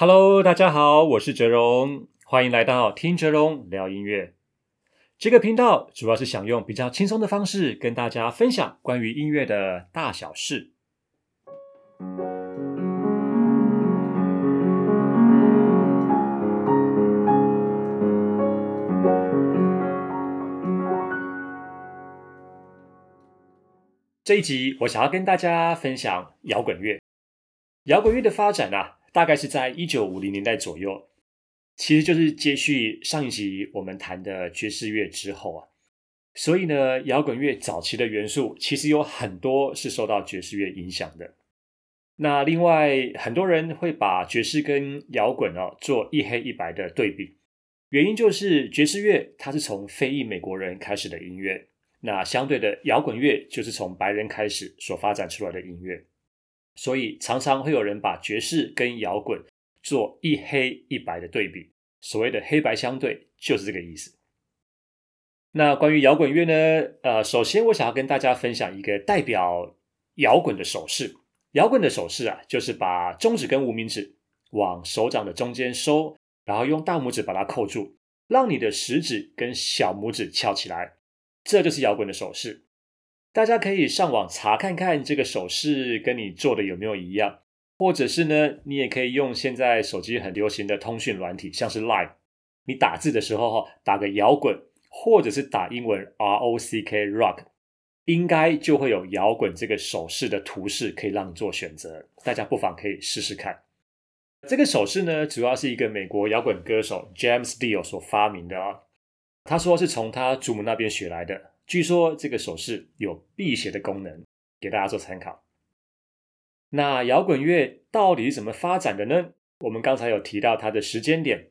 Hello，大家好，我是哲榕，歡迎來到聽哲榕聊音樂。這個頻道主要是想用比較輕鬆的方式跟大家分享關於音樂的大小事。這一集我想要跟大家分享搖滾樂。搖滾樂的發展啊，大概是在一九五零年代左右，其實就是接續上一集我們談的爵士樂之後啊，所以呢，搖滾樂早期的元素其實有很多是受到爵士樂影響的。那另外很多人會把爵士跟搖滾哦做一黑一白的對比，原因就是爵士樂它是從非裔美國人開始的音樂，那相對的搖滾樂就是從白人開始所發展出來的音樂。所以常常會有人把爵士跟搖滾做一黑一白的對比，所謂的黑白相對就是這個意思。那關於搖滾樂呢？呃，首先我想要跟大家分享一個代表搖滾的手勢，搖滾的手勢啊，就是把中指跟無名指往手掌的中間收，然後用大拇指把它扣住，讓你的食指跟小拇指翹起來，這就是搖滾的手勢。大家可以上網查看看這個手勢跟你做的有沒有一樣，或者是呢，你也可以用現在手機很流行的通訊軟體，像是 Line，你打字的時候哈，打個搖滾，或者是打英文 R O C K Rock，應該就會有搖滾這個手勢的圖示可以讓你做選擇。大家不妨可以試試看。這個手勢呢，主要是一個美國搖滾歌手 James Dio 所發明的哦、啊，他說是從他祖母那邊學來的。據說這個手勢有辟邪的功能，給大家做參考。那搖滾樂到底怎麼發展的呢？我們剛才有提到它的時間點，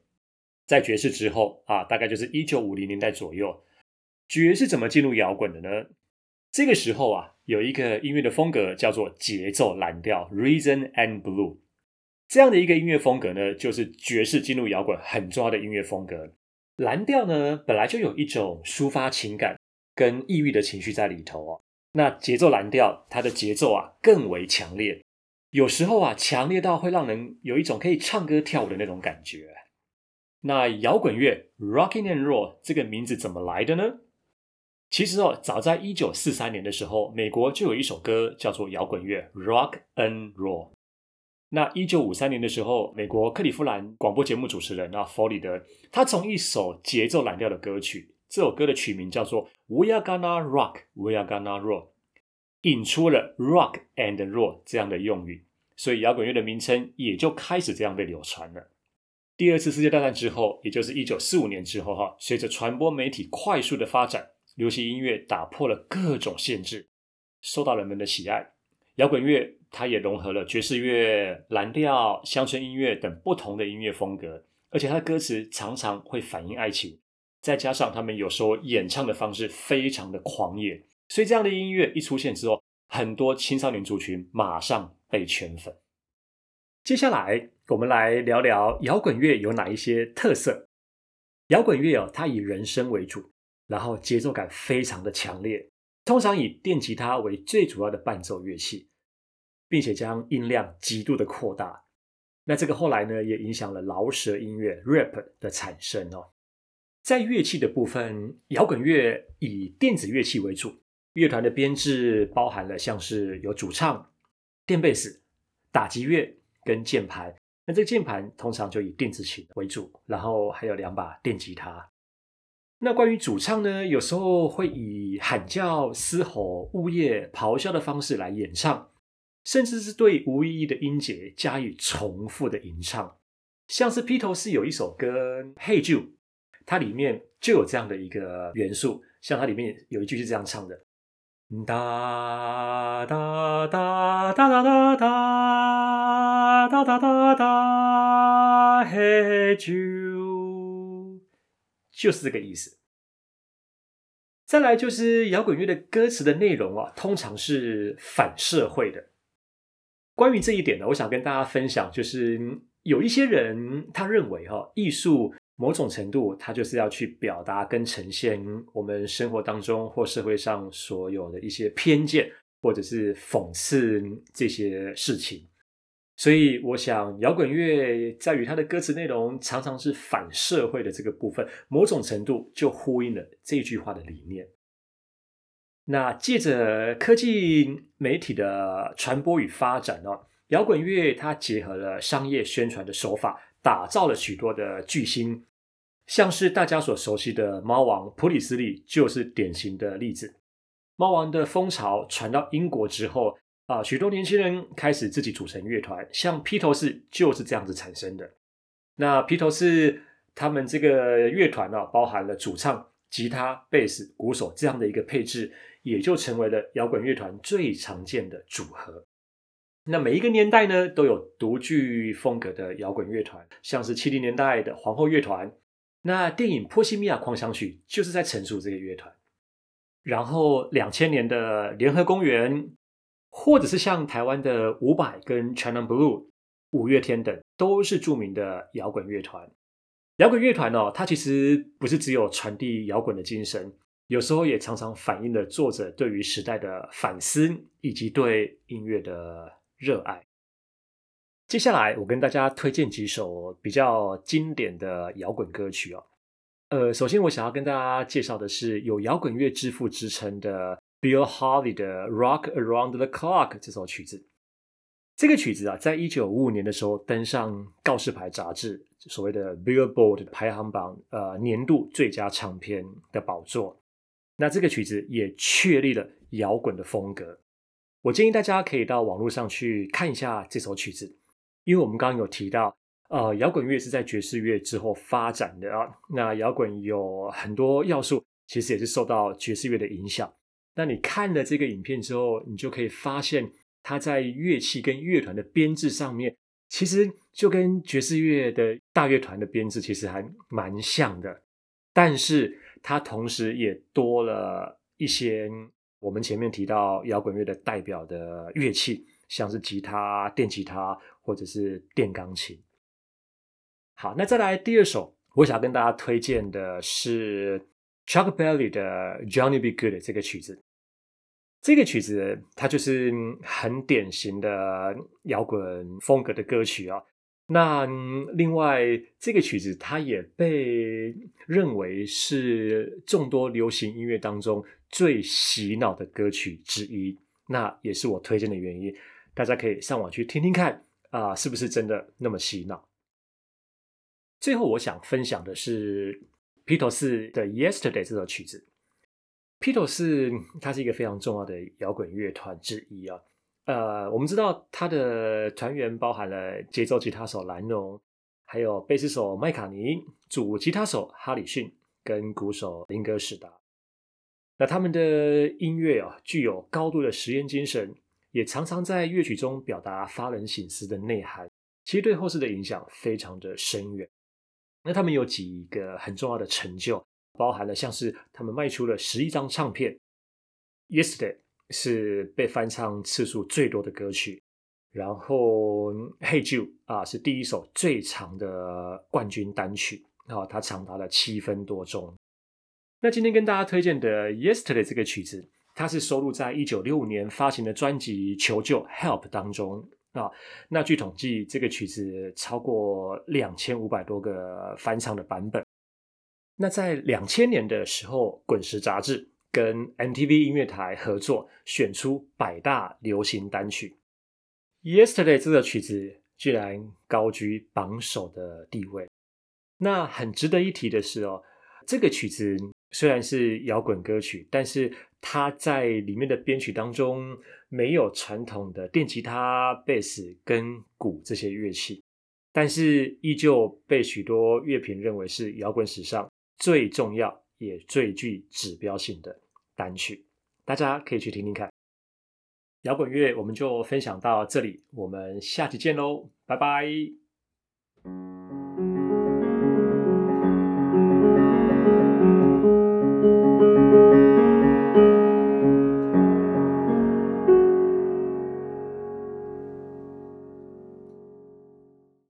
在爵士之後啊，大概就是一九五零年代左右。爵士怎麼進入搖滾的呢？這個時候啊，有一個音樂的風格叫做節奏藍調 Rhythm and Blues，這樣的一個音樂風格呢，就是爵士進入搖滾很重要的音樂風格。藍調呢，本來就有一種抒發情感。跟抑鬱的情緒在裡頭哦，那節奏藍調它的節奏啊更為強烈，有時候啊強烈到會讓人有一種可以唱歌跳舞的那種感覺。那搖滾樂 r o c k i n and Roll） 這個名字怎麼來的呢？其實哦，早在一九四三年的時候，美國就有一首歌叫做搖滾樂 （Rock and Roll）。那一九五三年的時候，美國克利夫蘭廣播節目主持人啊，弗里德，他從一首節奏藍調的歌曲，這首歌的曲名叫做 "We're Gonna Rock", "We're Gonna Roll", 引出了 "Rock and Roll" 這樣的用語，所以搖滾樂的名稱也就開始這樣被流傳了。第二次世界大戰之後，也就是一九四五年之後，哈，隨着傳播媒體快速的發展，流行音樂打破了各種限制，受到人們的喜愛。搖滾樂它也融合了爵士樂、藍調、鄉村音樂等不同的音樂風格，而且它的歌詞常常會反映愛情。再加上他們有時候演唱的方式非常的狂野，所以這樣的音樂一出現之後，很多青少年族群馬上被圈粉。接下來我們來聊聊搖滾樂有哪一些特色。搖滾樂哦，它以人聲為主，然後節奏感非常的強烈，通常以電吉他為最主要的伴奏樂器，並且將音量極度的擴大。那這個後來呢，也影響了饒舌音樂 Rap 的產生哦。在樂器的部分，搖滾樂以電子樂器為主。樂團的編制包含了像是有主唱、電貝斯、打擊樂跟鍵盤。那這個鍵盤通常就以電子琴為主，然後還有兩把電吉他。那關於主唱呢，有時候會以喊叫、嘶吼、嗚咽、咆哮的方式來演唱，甚至是對無意義的音節加以重複的吟唱。像是披頭士有一首歌《Hey Jude》它裡面就有這樣的一個元素，像它裡面有一句是這樣唱的：嗯、噠噠噠噠噠噠噠噠噠噠噠，嘿咻，就是這個意思。再來就是搖滾樂的歌詞的內容啊，通常是反社會的。關於這一點呢，我想跟大家分享，就是有一些人他認為哈，哦，藝術。某種程度，它就是要去表達跟呈現我們生活當中或社會上所有的一些偏見，或者是諷刺這些事情。所以，我想搖滾樂在於它的歌詞內容常常是反社會的這個部分，某種程度就呼應了這句話的理念。那借着科技媒體的傳播與發展呢，搖滾樂它結合了商業宣傳的手法。打造了許多的巨星，像是大家所熟悉的貓王普里斯利就是典型的例子。貓王的風潮傳到英國之後，啊、呃，許多年輕人開始自己組成樂團，像披頭士就是這樣子產生的。那披頭士他們這個樂團呢、啊，包含了主唱、吉他、貝斯、鼓手這樣的一個配置，也就成為了搖滾樂團最常見的組合。那每一個年代呢，都有獨具風格的搖滾樂團，像是七零年代的皇後樂團。那電影《波西米亞狂想曲》就是在陳述這個樂團。然後兩千年的《聯合公園》，或者是像台灣的伍佰跟《China Blue》、五月天等，都是著名的搖滾樂團。搖滾樂團哦，它其實不是只有傳遞搖滾的精神，有時候也常常反映了作者對於時代的反思，以及對音樂的。熱愛。接下來，我跟大家推薦幾首比較經典的搖滾歌曲哦。呃，首先我想要跟大家介紹的是有搖滾樂之父之稱的 Bill Haley 的《Rock Around the Clock》這首曲子。這個曲子啊，在一九五五年的時候登上《告示牌》雜誌所謂的 Billboard 排行榜，呃，年度最佳唱片的寶座。那這個曲子也確立了搖滾的風格。我建議大家可以到網絡上去看一下這首曲子，因為我們剛剛有提到，呃，搖滾樂是在爵士樂之後發展的啊。那搖滾有很多要素，其實也是受到爵士樂的影響。那你看了這個影片之後，你就可以發現，它在樂器跟樂團的編製上面，其實就跟爵士樂的大樂團的編製其實還蠻像的，但是它同時也多了一些。我們前面提到搖滾樂的代表的樂器，像是吉他、電吉他或者是電鋼琴。好，那再來第二首，我想要跟大家推薦的是 Chuck Berry 的《Johnny B. Goode》這個曲子。這個曲子它就是很典型的搖滾風格的歌曲啊。那另外，這個曲子它也被認為是眾多流行音樂當中最洗腦的歌曲之一。那也是我推薦的原因，大家可以上網去聽聽，聽看啊、呃，是不是真的那麼洗腦？最後，我想分享的是披頭四的 Yesterday 這首曲子。披頭四，它是一個非常重要的搖滾樂團之一啊。呃，我們知道他的團員包含了節奏吉他手藍儂，還有貝斯手麥卡尼，主吉他手哈里遜跟鼓手林哥史達。那他們的音樂啊，具有高度的實驗精神，也常常在樂曲中表達發人省思的內涵。其實對後世的影響非常的深遠。那他們有幾個很重要的成就，包含了像是他們賣出了十一張唱片，Yesterday。Yesterday, 是被翻唱次數最多的歌曲，然後《Hey Jude》啊是第一首最長的冠軍單曲啊，哦，它長達了七分多鐘。那今天跟大家推薦的《Yesterday》這個曲子，它是收錄在一九六五年發行的專輯《求救 Help》當中啊。那據統計，這個曲子超過兩千五百多個翻唱的版本。那在兩千年的時候，《滾石》雜誌跟 MTV 音樂台合作選出百大流行單曲，《Yesterday》這個曲子，居然高居榜首的地位。那很值得一提的是哦，這個曲子雖然是搖滾歌曲，但是它在裡面的編曲當中沒有傳統的電吉他、貝斯跟鼓這些樂器，但是依舊被許多樂評認為是搖滾史上最重要也最具指標性的。單曲，大家可以去聽聽看。搖滾樂，我們就分享到這裡，我們下期見嘍，拜拜。嗯。